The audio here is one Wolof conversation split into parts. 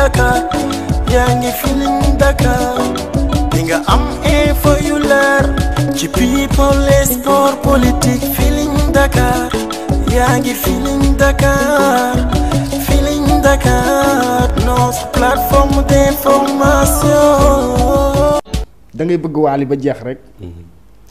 Dakar nga am info bëgg waali ba jeex rek. Mm-hmm.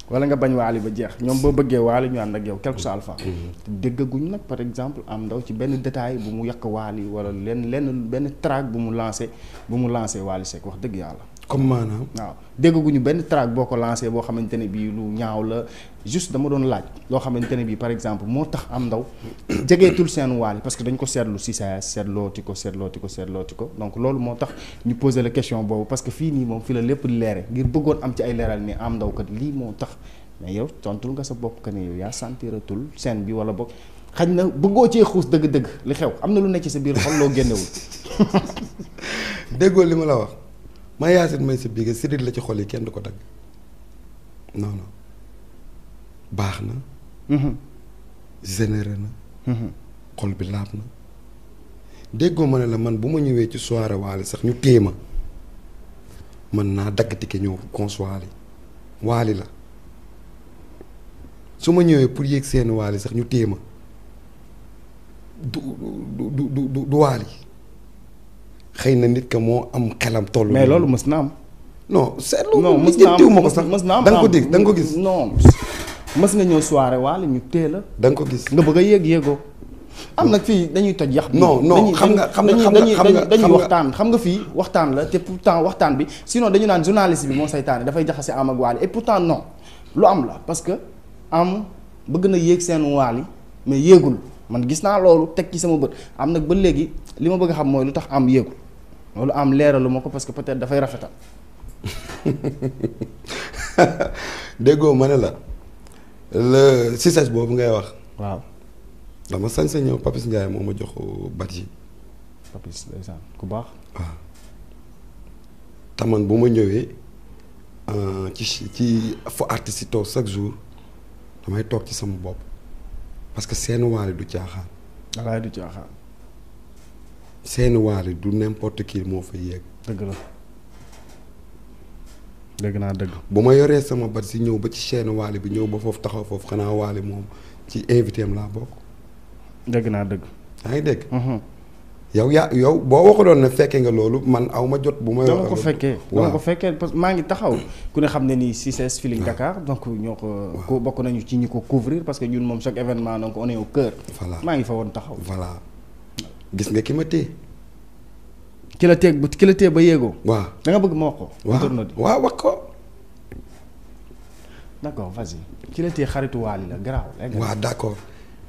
wala nga bañ waali ba jeex ñoom boo bëggee waali ñu ànd ak yow quelque soit fa mm-hmm. te déggaguñ nag par exemple am ndaw ci benn détail bu mu yàq waali wala lenn lenn benn track bu mu lancé bu mu lancé waali Seck wax dëgg yàlla comme maanaam waaw déggaguñu benn track boo ko lancé boo xamante ne bii lu ñaaw la juste dama doon laaj loo xamante ne bii par exemple moo tax am ndaw jegeetul seen waali parce que dañ ko seetlu si saa seetlooti ko seetlooti ko seetlooti ko donc loolu moo tax ñu posé la question boobu parce que fii nii moom fi la lépp leere ngir bëggoon am ci ay leeral ni am ndaw kat lii moo tax mais yow tontul nga sa bopp ka ne yow yaa sentiratul scène bi wala boog xañ na bëggoo cee xuus dëgg-dëgg li xew am na lu nekk ci sa biir xol loo génnewul. déggoo li ma la wax ma yaasin may sa biir sidit la ci xol kenn du ko dagg baax na mhm. généré na mhm. xol bi laab na déggoo ma ne la man bu ma ñëwee ci soirée waale sax ñu téema ma mën naa dagg tike ñëw cons waali waali la su ma ñëwee pour yéeg seen waali sax ñu téye ma du du du du du waali xëy na nit ka moo am xelam tollu mais loolu mës na am non seetlu non ma ko sax mës na am da nga ko dégg da ko gis non mës nga ñëw soirée waale ñu teel la da nga ko gis nga bëgg a yéeg yéegoo. am nag fii dañuy toj yax non non xam nga xam nga xam nga dañuy waxtaan xam nga fii waxtaan la te pourtant waxtaan bi sinon dañu naan journaliste bi moo saytaane dafay jaxase am ak waali et pourtant non lu am la parce que am bëgg na yéeg seen waali mais yéegul man gis naa loolu teg ci sama bët am nag ba léegi li ma bëgg a xam mooy lu tax am yéegul loolu am lu ma ko parce que peut-être dafay rafetal. déggoo ma ne la. le succès boobu ngay wax. waaw dama sañ sa ñëw Papis Ndiaye moo ma jox bat yi. Papis ndeysaan ku baax. waaw ah. taman bu ma ñëwee ah, ci ci fa artiste yi chaque jour damay toog ci sama bopp parce que seen waale du caaxaan. walaay du seeni seen yi du n'importe kii moo fa yéeg. dëgg la. dëgg naa dëgg bu ma yoree sama bat si ñëw ba ci chaîne waale bi ñëw ba foofu taxaw foofu xanaa waale moom ci invité am laa bokk. dëgg naa dëgg. yaa ngi dégg. Mhm. yow yaa yow boo waxuloon ne fekkee nga loolu man aw ma jot. bu ma yoree ko fekkee dama ko fekkee parce que maa ngi taxaw ku ne xam ne ni CICES Feeling Dakar donc ñoo ko. bokk nañu ci ñi ko couvrir parce que ñun moom chaque événement donc on est au cœur. maa ngi fa woon taxaw. voilà gis nga ki ma téye. ki la teeg ki la ba yéegoo. waaw da bëgg ma wax ko. waaw waaw wax ko. d' accord vas-y la téye xaritu waali la garaaw. Eh, waaw d' accord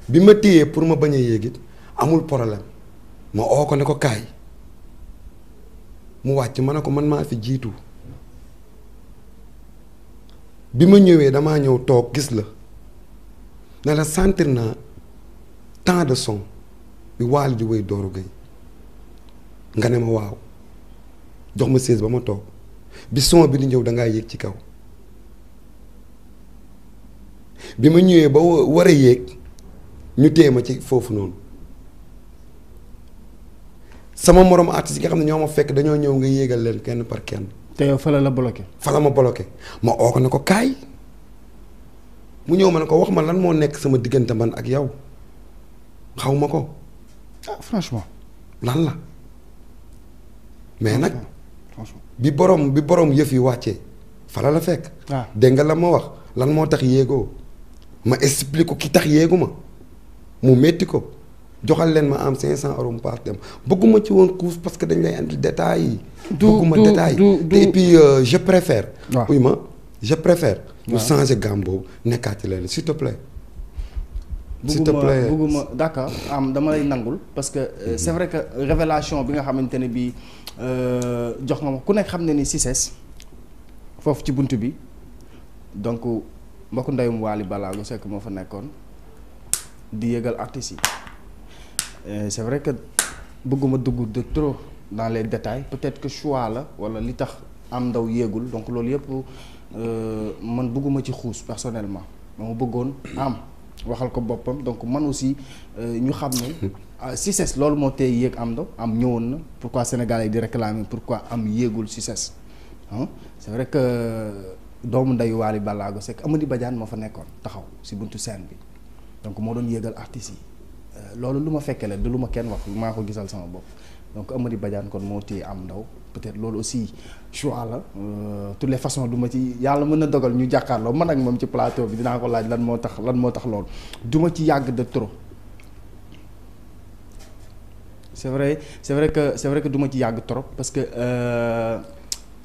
bi ma téyee pour ma bañ a yéegit amul problème ma oo ko ne ko kaay mu wàcc ma ne ko man maa fi jiitu bi ma ñëwee damaa ñëw toog gis la ne la sentir naa temps de son bi waali di wéy Doro Gueye nga ne ma waaw jox ma sées ba ma toog bi son bi di ñëw da ngaa yéeg ci kaw bi ma ñëwee ba war a yéeg ñu téye ma ci foofu noonu sama morom artiste yi nga xam ne ñoo ma fekk dañoo ñëw nga yéegal leen kenn par kenn. te yow fala la bloqué. fala ma bloqué ma oo ko ne ko kaay mu ñëw ma ne ko wax ma lan moo nekk sama diggante man ak yow xaw ma ko. ah franchement lan la. mais nag bi borom bi borom yëf yi wàccee fala la fekk. waaw ah. dégg nga la ma wax lan moo tax yéegoo ma explique ko ki tax yéegu ma mu métti ko joxal leen ma am 500 euros mu paas dem bëgguma ci woon couche parce que dañ lay indi détails yi. du bëgguma détails yi te et puis euh, ma je préfère. waaw changer gamme boobu nekkaat leen s'il te plaît. s'il te plaît bëgguma bëgguma am dama lay nangul parce que euh, mm-hmm. c'est vrai que révélation bi nga xamante ne bii. Euh, jox nga ma ku nekk xam ne ni CICES foofu ci bunt bi donc mbokk ndeyum balaa Ballago Seck moo fa nekkoon di yëgal artistes yi c'est vrai que bëgguma dugg de trop dans les détails peut-être que choix la wala li tax am ndaw yéegul donc loolu yëpp euh, man bëgguma ci xuus personnellement dama bëggoon am waxal ko boppam donc man aussi euh, ñu xam ne Euh, CICES loolu moo tey yéeg am do am ñëwoon na pour sénégal yi di pour pourquoi am yéegul CICES ah c'est vrai que euh, doomu ndeyu Waly Ballago Seck Amady bajaan moo fa nekkoon taxaw si buntu seen bi donc moo doon yéegal artistes yi euh, loolu lu ma fekkee la du lu ma kenn wax maa ko gisal sama bopp donc Amady Badiane kon moo téye am ndaw peut-être loolu aussi choix la toutes les façons du ma ci yàlla mën na dogal ñu jàkkaarloo man ak moom ci plateau bi dinaa ko laaj lan moo tax lan moo tax loolu ci yàgg de trop. c'est vrai c'est vrai que c'est vrai que du ma ci yàgg trop parce que euh,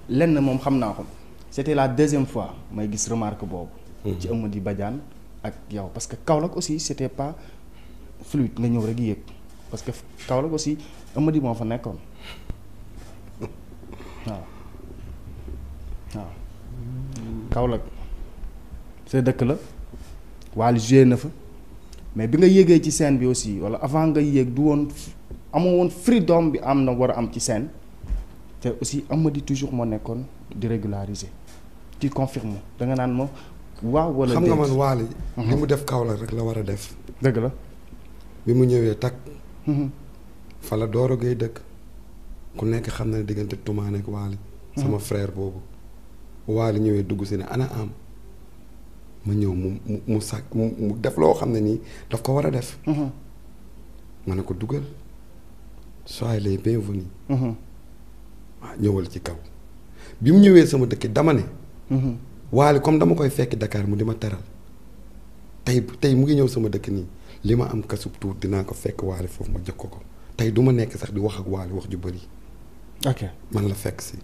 lenn moom xam naa ko c'était la deuxième fois may gis remarque boobu. Mhm. ci Eumeudi Badiane ak yow parce que Kaolack aussi c'était pas fluide nga ñëw rek yéeg parce que Kaolack aussi Eumeudi moo fa nekkoon waaw waaw Kaolack dëkk la Wally joué na fa mais bi nga yéegee ci scène bi aussi wala avant nga yéeg du woon amoo woon freedom bi am na war a am ci seen te aussi di toujours moo nekkoon di régulariser ci confirme da nga naan ma waaw wala xam nga man waali mhm. li mu def kaw la rek la war a def dëgg la bi mu ñëwee takk mhm. fa la Doro Gueye dëkk ku nekk xam na ne diggante Toumane waali mhm. sama frère boobu waali ñëwee dugg si ne ana am ma ñëw mu mu mu sàkk mu def loo xam ne nii daf ko war a def ma ne ko dugal soyez les bienvenus. waaw mm-hmm. ah, ñëwal ci kaw. bi mu ñëwee sama dëkk dama ne. Mm-hmm. waale comme dama koy fekk Dakar mu di ma teral tey tey mu ngi ñëw sama dëkk nii li ma am kasub tuur dinaa ko fekk waale foofu ma jox ko ko tey du ma nekk sax di wax ak waale wax ju bari ok man la fekk si.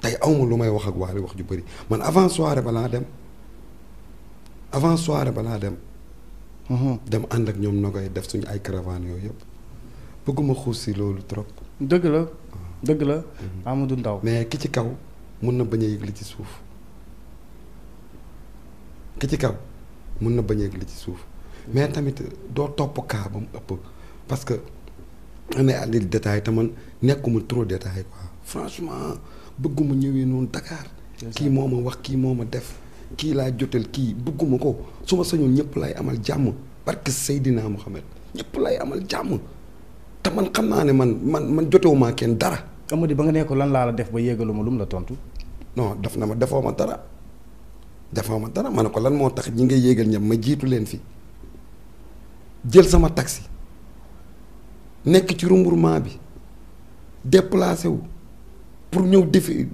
tey awma lu may wax ak waale wax ju bëri man avant soirée balaa dem avant soirée balaa dem. Mm-hmm. dem ànd ak ñoom koy def suñu ay caravane yooyu yëpp. bëgguma xuus si loolu trop. dëgg la ah. dëgg la. Mm-hmm. Amadou Ndaw mais ki ci kaw mun na bañ yëg li ci suuf ki ci kaw mun na bañ a ci suuf mais tamit doo topp kaa ba mu ëpp parce que amee àndil détail te man nekkuma trop détail quoi franchement bëgguma ñëwee noonu Dakar. kii moo ma wax kii moo ma def kii laa jotel kii bëgguma ko su ma sañoon ñëpp lay amal jàmm barke Seydina Mohamed ñëpp lay amal jàmm. te man xam naa ne man man man jotewumaa kenn dara. di ba nga ne ko lan laa la def ba yégalu ma lu mu la tontu. non def na ma defoo ma dara defoo ma dara ma ne ko lan moo tax ñi ngay yéegal ñam ma jiitu leen fi jël sama taxi nekk ci rembourement bi dépp déplacé wu pour ñëw defi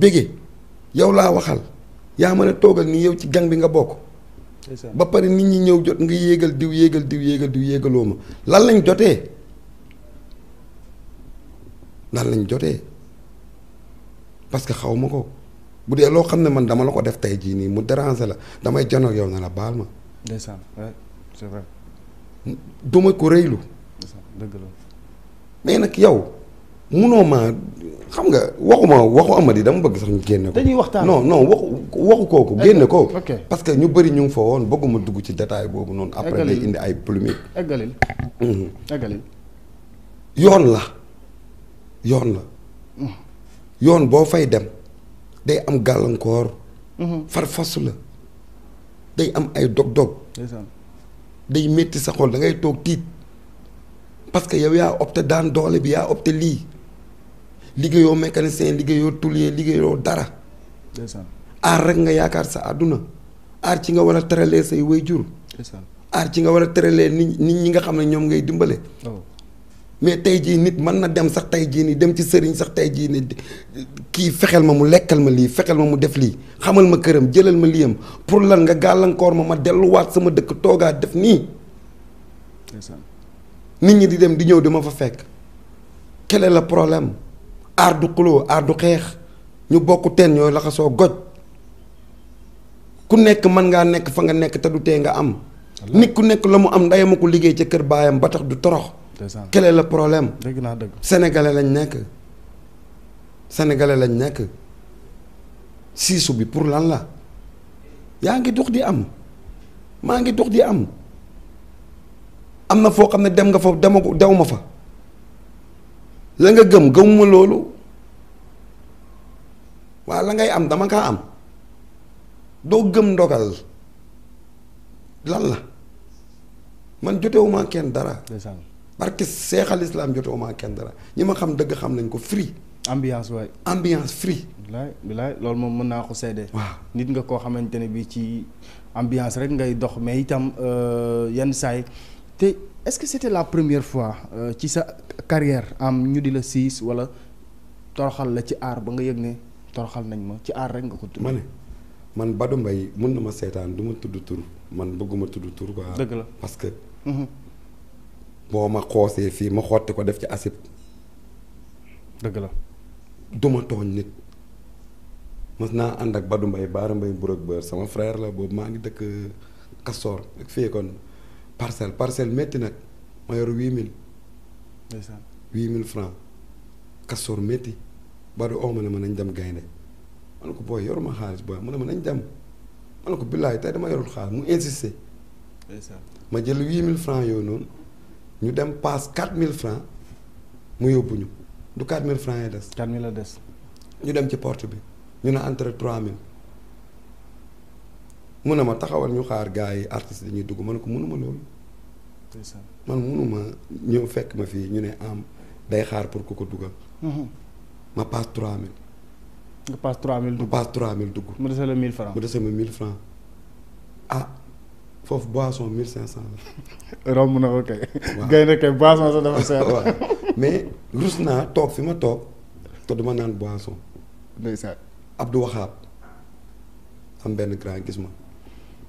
bége yow laa waxal yaa mën a toogal ni yow ci gan bi nga bokk. ba pare nit ñi ñëw jot nga yéegal diw yéegal diw yéegal diw yéegaloo ma lan lañ jotee. lan lañ jotee parce que xaw ma ko bu dee loo xam ne man dama la ko def tey jii nii mu déranger la damay jano yow na la baal ma. ndeysaan ouais ko rëylu. dëgg la. mais nag yow munoo ma xam nga waxuma waxu Amady dama bëgg sax ñu génne ko. dañuy waxtaan non non waxu waxu kooku génne ko. parce que ñu bëri ñu ngi fa woon bëgguma dugg ci détail boobu noonu. après day indi ay polémique. eggalil mhm. yoon la. yoon la yoon boo fay dem day am gàllankoor far fas la day am ay dog-dog day métti sa xol da ngay toog tiit parce que yow yaa opté daan doole bi yaa opté lii liggéeyoo mécanicien liggéeyoo tôlier liggéeyoo dara aar rek nga yaakaar sa àdduna aar ci nga war a teralee say waajur aar ci nga war a teralee nit nit ñi nga xam ne ñoom ngay dimbale oh. mais tey jii nit mën na dem sax tey jii nii dem ci sëriñ sax tey jii nii kii fexeel ma mu lekkal ma lii fexeel ma mu def lii xamal ma këram jëlal ma lii liyam pour lan nga gàllankoor ma ma delluwaat sama dëkk toogaat def nii. nit ñi di dem di ñëw di ma fa fekk. quel la le problème aar du xuloo aar du xeex ñu bokk teen ñooy laxasoo goj ku nekk mën ngaa nekk fa nga nekk te du tee nga am. nit ku nekk la mu am ndeyama ko liggéey ca kër baayam ba tax du torox. quel est le problème. dëgg naa dëgg sénégalais lañ nekk sénégalais lañ nekk siisu bi pour lan la yaa ngi dox di am maa ngi dox di am am na foo xam ne dem nga fa demagu dew ma fa la nga gëm gëmuma loolu waa la ngay am dama kaa am doo gëm ndogal lan la man jotewuma kenn dara. barke seexal islam jotuma kenn dara ñu ma xam dëgg xam nañ ko free. ambiance waay ambiance free. bilaay bilaay loolu moom mën naa ko seede. waaw nit nga koo xamante ne bii ci ambiance rek ngay dox mais itam euh, yenn saay te est-ce que c'était la première fois euh, ci sa carrière am ñu di la siis wala toroxal la ci aar ba nga yëg ne toroxal nañ ma ci aar rek nga ko tudd. ma ne man Badou mbay mun na ma seetaan du ma tudd tur man bëgguma tudd tur quoi. dëgg la boo ma xoosee fii ma xotti ko def ci asib dëgg la duma tooñ nit mës naa ànd ak Badou Mbaye Baara Mbaye Mbour ak Bër sama frère la boobu maa ngi dëkk Kastoor ak fii kon parcelle parcelle métti nag ma yor huit mille huit mille francs Kastoor métti Badou oo ma ne ma nañ dem gaynde ma ne ko booy yoruma xaalis booy mën ne ma nañ dem ma ne ko billaay tey dama yorul xaalis mu insisté ma jël huit mille francs yooyu noonu ñu dem paas mille francs mu yóbbu ñu du 4000 francs yi des. 4000 la des. ñu dem ci porte bi ñu ne entre 3000 mun ne ma taxawal ñu xaar gars yi artistes yi ñuy dugg ma ne ko mënuma loolu. man mënuma ñëw fekk ma fii ñu ne am day xaar pour ku ko dugal. Mhm. ma paas 3000. nga paas 3000 dugg ma paas mille dugg. ma dese la 1000 francs mu dese ma 1000 francs ah. foofu boisson 1500 la. romb na ko kay. gaynde kay boisson sax dafa seer. mais rus naa toog fi ma toog te duma naan boisson. ndeysaan Abdou Waxaab am benn grand gis ma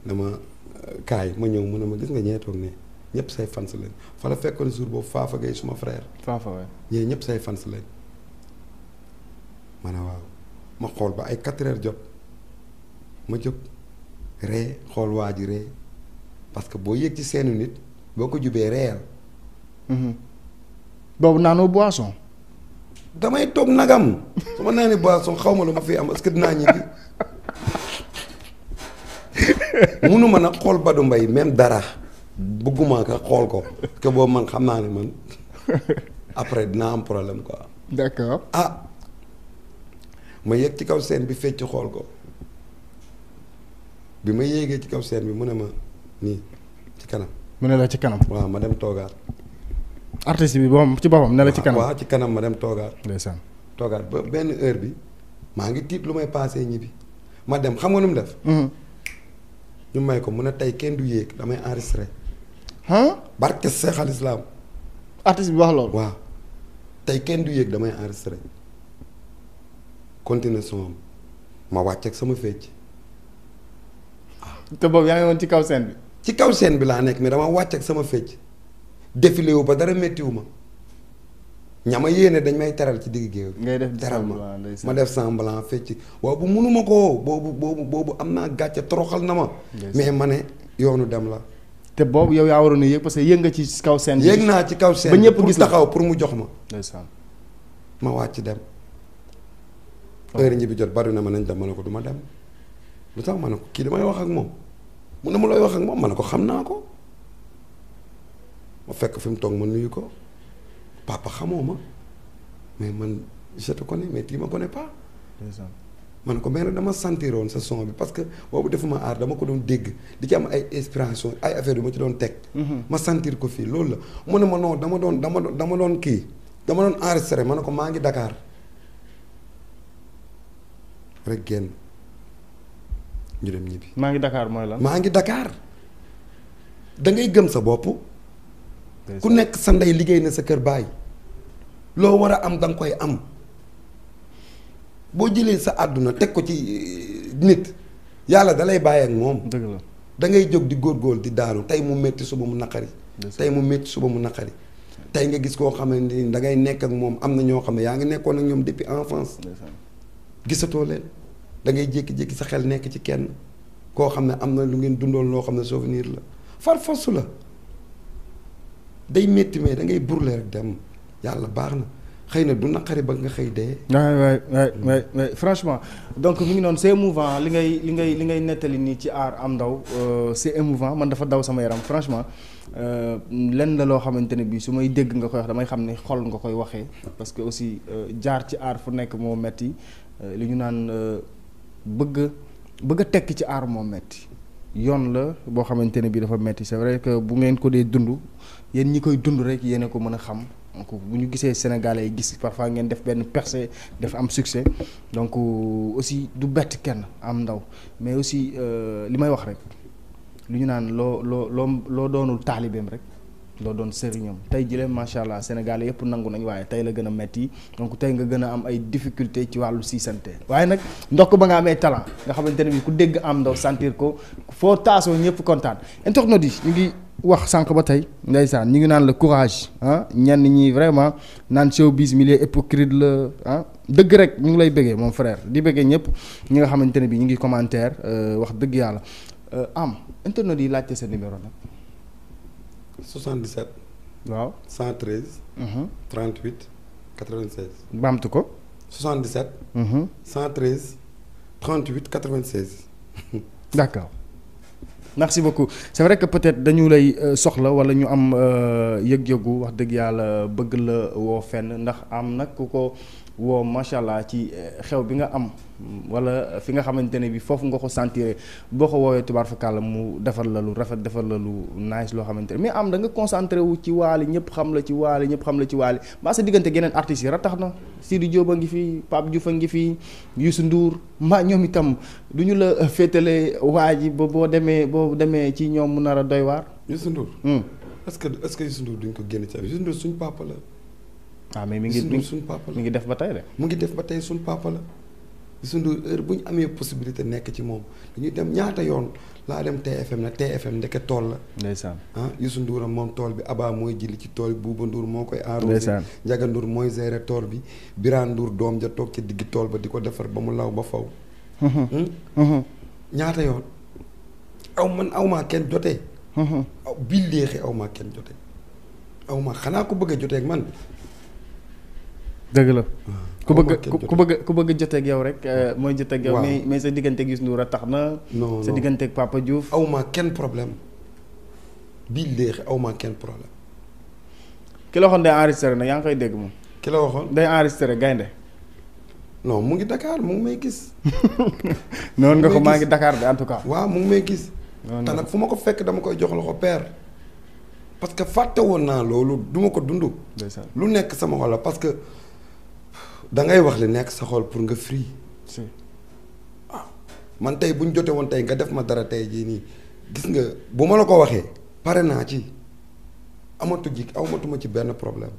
dama ma euh, kaay ma ñëw mu ne ma gis nga ñee toog ne ñëpp say fans lañ fa la fekkoon jour boobu Fafa Gueye suma frère. Fafa waay ñee ñëpp say fans lañ ma ne waaw ma xool ba ay 4 heures jot ma jóg ree xool waa ji ree. parce que boo yëg ci seenu nit boo ko jubee réel. Mhm. boobu naanoo boison damay toog nagam su ma naanee boisson xaw ma lu ma fi am est-ce que dinaa ñibbi munu ma nag xool Badou mbay même dara bëgguma ko xool ko que boobu man xam naa ne man après dinaa am problème quoi. d'accord ah ma yëg ci kaw seen bi fecc xool ko bi ma yéegee ci kaw seen bi mu ne ma. nii ci kanam. mu ne la ci kanam. waaw ma dem toogaat. artiste bi moom ci boppam ne la ci kanam waaw ci kanam ma dem toogaat. ndeysaan toogaat ba benn heure bi maa ngi tiit lu may paasee ñibbi ma dem xam nga nu def. Mm-hmm. ñu may ko mun a tey kenn du yéeg damay enregistré. barke Seex al bi wax tey kenn du yéeg damay enregistré continué son ma wàcc ak sama fecc. te boobu yaa ngi woon ci kaw scène bi. ci kaw seen bi laa nekk mais dama wàcc ak sama fecc défilé wu ba dara méttiwu ma ñama yéene dañ may teral ci digg géew ngay def teral ma ma def semblant fecc waaw bu munuma ko boobu boobu boobu am naa gàcce toroxal na ma mais ma ne yoonu dem la te boobu yow yaa waroon na yéeg parce que yéeg nga ci kaw seen bi yéeg naa ci kaw seen ba ñëpp gis na xaw pour mu jox ma ndeysaan ma wàcc dem heure ñi bi jot bari na ma nañ dem ma ne ko du dem lu tax ma ne ko kii damay wax ak moom mun na ma looy wax ak moom ma ne ko xam naa ko ma fekk fi mu toog ma nuyu ko papa xamoo ma mais man je te connais mais tu me connais pas. man ko mais nag dama sentir woon sa son bi parce que boobu defuma aar dama ko doon dégg di ci am ay inspiration ay affaire yu ma ci doon teg. Mhm. ma sentir ko fii loolu la mu ne ma non dama doon dama doon dama doon kii dama doon enregistré ma ne ko maa ngi dakaar rek genn ñu dem ñibbi. maa ngi Dakar mooy la maa ngi dakaar dangay ngay gëm sa bopp. ku nekk sa ndey liggéey na sa kër baay. loo war a am da koy am boo jëlee sa àdduna teg ko ci eh, nit yàlla da lay bàyyi ak moom. dëgg la da ngay jóg di góor góor di daanu tey mu métti suba mu naqari. tey mu métti suba mu naqari. tey nga gis koo xamante ni da ngay nekk ak moom am na ñoo xam ne yaa ngi nekkoon ak ñoom depuis enfance. gisatoo leen. da ngay jékki-jékki sa xel nekk ci kenn koo xam ne am na lu ngeen dundoon loo xam ne souvenir la far force la day métti mais da ngay burle rek dem yàlla baax na xëy na du naqari ba nga xëy de waay waay waay franchement donc mi ngi noonu c'est émouvant li ngay li ngay li nettali nii ci aar am ndaw euh, c'est émouvant man dafa daw sama yaram franchement euh, lenn la loo xamante ne bii su may dégg nga koy wax damay xam ne xol nga koy waxee parce que aussi euh, jaar ci aar fu nekk moo metti li ñu naan. bëgg bëgg a tekki ci aar metti yoon la boo xamante ne bii dafa metti c'est vrai que bu ngeen ko dee dund yéen ñi koy dund rek yéen a ko mën a xam donc bu ñu gisee sénégalais yi gis parfois ngeen def benn perse def am succès donc euh, aussi du bett kenn am ndaw mais aussi euh, li may wax rek lu ñu naan loo loo loo loo doonul taalibeem rek loo doon sëriñam tey jile macha allah Sénégal yëpp nangu nañ waaye tey la gën a metti donc tey nga gën a am ay difficulté ci wàllu siisante waaye nag ndox ko ba nga amee talent nga xamante ne bi ku dégg am ndaw sentir ko foo taasoo ñëpp kontaan internautes yi ñu ngi wax sànq ba tey ngay saan ñu ngi naan la courage ah ñenn ñi vraiment naan showbiz milieu hypocrite la ah dëgg rek ñu ngi lay bëggee moom frère di bëggee ñëpp ñi nga xamante ne bi ñu ngi commentaire euh, wax dëgg yàlla euh, am internet yi laajte sa numéro nag 77. waaw 113. 38 96. baamtu ko. 77. 113 38 96. d' accord merci beaucoup c' est vrai que peut-être dañu lay euh, soxla walla ñu am euh, yëg-yëgu wax dëgg yàlla bëgg la woo fenn ndax am nag ku ko. woo macha allah ci eh, xew bi nga am wala fi nga xamante ne bi foofu nga ko sentiré boo ko woowee tubaar fa kàlla mu defar la lu rafet defar la lu nice loo xamante ne mais am da nga concentré wu ci waali ñëpp xam la ci waali ñëpp xam la ci waali mbaa sa diggante geneen artistes yi ratax na Sidi Diop a ngi fii Pape Diouf a ngi fii Youssou Ndour mbaa ñoom itam du ñu la féetale waa ji boo boo demee boo demee ci ñoom mu nar a doy waar Youssou Ndour hmm. est-ce que est ko génn ci Youssou Ndour suñ papa la ah mi ngi suñ papa la mi ngi def ba tey mu ngi def ba tey suñ papa la Youssou Ndour heure bu ñu amee possibilité nekk ci moom dañuy dem ñaata yoon laa dem TFM na TFM ndeke tool la. ndeysaan ah Youssou Ndour moom tool bi Abba mooy jilli ci tool bi Bouba Ndour moo koy. arrosé Ndiaga Ndour mooy gérer tool bi Birane Ndour doom ja toog ci digg tool ba di ko defar ba mu law ba faw. Mhm. Hmm? Mhm. ñaata yoon aw man aw maa kenn jotee. Mhm. aw bii léexi aw maa kenn jotee aw ma xanaa ko bëgg a jotee ak man dëgg la ah. ku bëgg ku bëgg ku bëgg joteeg yow rek euh, mooy joteeg yow. mais mais sa digganteeg Youssou Ndour a tax na. sa digganteeg Papa Diouf. aw ma kenn problème bii léegi aw ma kenn problème. ki la waxoon day enregistré nag yaa ngi koy dégg moom. ki la waxoon day enregistré gaynde non mu ngi Dakar mu ngi may gis. noonu nga ko maa ngi dakaar de en tout cas. waaw mu ngi may gis. te fu ma ko fekk dama koy jox ko père. parce que fàtte woon naa loolu du ko dund. da ngay wax li nekk sa xol pour nga free. Ah, man tey bu ñu jotee woon tey nga def ma dara tey jii nii gis nga bu ma la ko waxee pare naa ci amatu ji amatuma ci benn problème.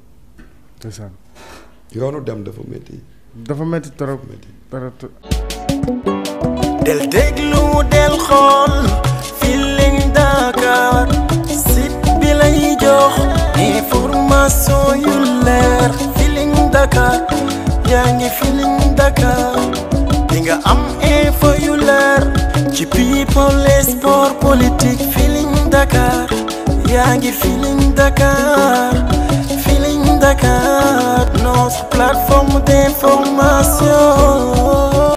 yoonu dem dafa métti. dafa métti trop métti trop. del déglu del xool Feeling Dakar site bi lay jox information yu leer Feeling Dakar. yaa ngi Feeling Dakar di nga am info yu leer ci people ngi Feeling Dakar Feeling Dakar notre plateforme d'information